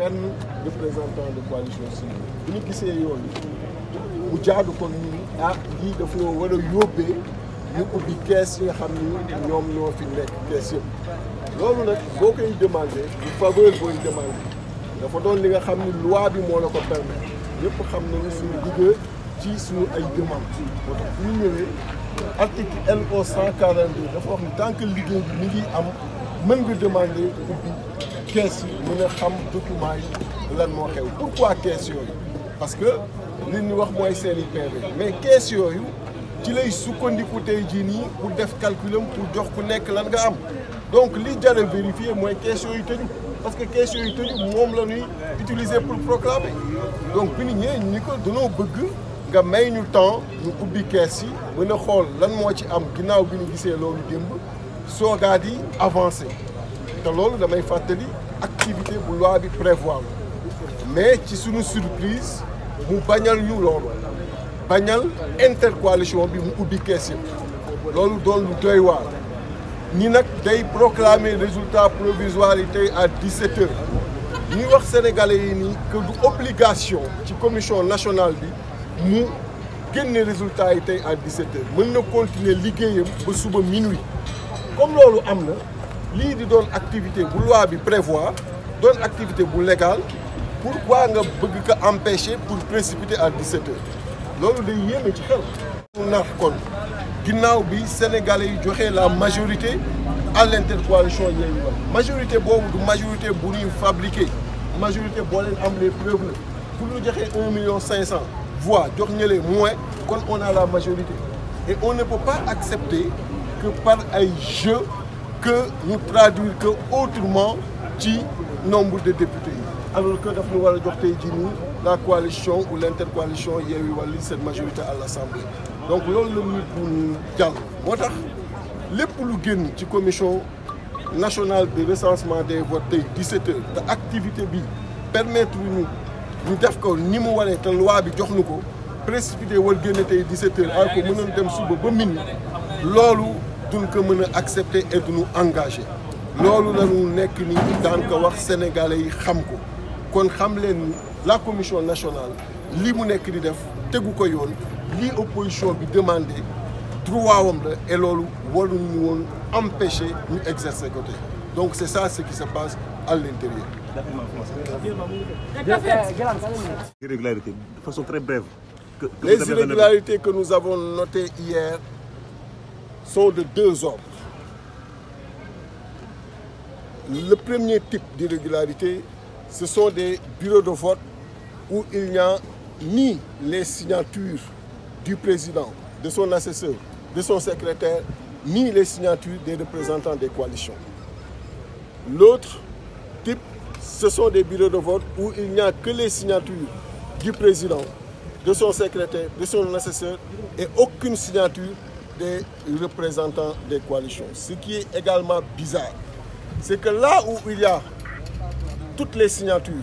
benn représentant de coalition civile bu ñu gisee yooyu mu jaadu ko ñun ah lii dafa war a yóbbee ñu ubbi kees yi nga xam ni ñoom ñoo fi nekk kees yëpp loolu nag boo koy demandé bu faveur booy demandé dafa doon li nga xam ni loi bi moo la ko permettre ñëpp xam nañu suñu liggéey ci suñu ay demande moo tax bu ñu ñëwee article LO 142 dafa wax ni tant liggéey bi mu ngi am mën nga demander ubbi kees yi mën xam document yi lan moo xew pourquoi kees yooyu parce que li ñu wax mooy seen i PV mais kees yooyu ci lay sukkandiku tey jii nii pour def calculam pour jox ku nekk lan nga am donc li jar a vérifier mooy kees yooyu tëju parce que kees yooyu tëju moom la ñuy utiliser pour proclamer donc bi ñu ñi ñu ko danoo bëgg nga may ñu temps ñu ubbi kees yi mën a xool lan moo ci am ginnaaw bi ñu gisee loolu démb soogaa di avancé te loolu damay fàttali activité bu loi bi prévoir mais ci sunu surprise mu bañal ñu loolu bañal intercoalition bi mu ubbi kees yëpp loolu doon lu doy waar ñi nag day proclamer résultat provisoire yi tey à 17 heures ñuy wax sénégalais yi nii que du obligation ci commission nationale bi mu génne résultat yi tey à 17 mën na continuer liggéeyam ba suba minuit comme loolu am na lii di doon activité bu loi bi prévoit doon activité bu légale waa nga bëgg ko empêcher pour précipiter à 17 heures loolu day yéeme ci xel mu kon ginnaaw bi sénégalais yi joxe la majorité à l'intercoalition Yewwi Wallu majorité boobu du majorité bu ñuy fabriqué majorité boo leen am les preuves pour lu joxe un million cinq cent voix jox ñële moins kon on la majorité et on ne peut pas accepter que par ay jeu que ñu traduire que autrement ci nombre de députés yi alors que daf ñu war a jox tey jii nii la coalition ou l' intercoalition Yewwi Wallu cette majorité à l' donc loolu la nit bu jàll moo tax lépp lu génn ci commission nationale de recensement des votes tey 17 heures te activité bi permettre ñu ñu def ko ni mu waree te loi bi jox nu ko précipité war génn tey 17 heures alors que mënoon dem suba ba minuit loolu duñ ko mën a accepter et duñu engagé loolu la ñu nekk ni daan ko wax sénégalais yi xam ko kon xam leen la commission nationale li mu nekk di def tegu ko yoon lii opposition bi demandé droit wam la et loolu waruñu woon empêcher ñu exercer côté donc c'est ça ce qui se passe à l'intérieur les irrégularités que nous avons notées hier sont de deux ordres. Le premier type d'irrégularité, ce sont des bureaux de vote où il n'y a ni les signatures du président, de son assesseur, de son secrétaire, ni les signatures des représentants des coalitions. L'autre type, ce sont des bureaux de vote où il n'y a que les signatures du président, de son secrétaire, de son assesseur et aucune signature des représentants des coalitions. Ce qui est également bizarre, c'est que là où il y a toutes les signatures,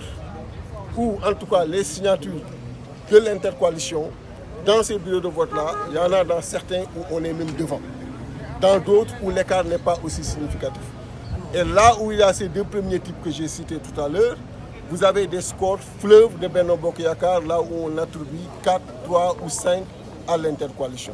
ou en tout cas les signatures de l'intercoalition, dans ces bureaux de vote-là, il y en a dans certains où on est même devant. Dans d'autres où l'écart n'est pas aussi significatif. Et là où il y a ces deux premiers types que j'ai cités tout à l'heure, vous avez des scores fleuves de Benoît Bokyakar, là où on attribue 4, 3 ou 5 à l'intercoalition.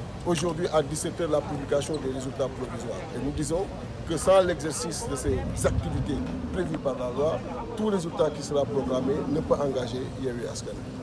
aujourd'hui à 17h la publication des résultats provisoires. Et nous disons que sans l'exercice de ces activités prévues par la tout résultat qui sera programmé ne peut engager Yewwi Askan Wi.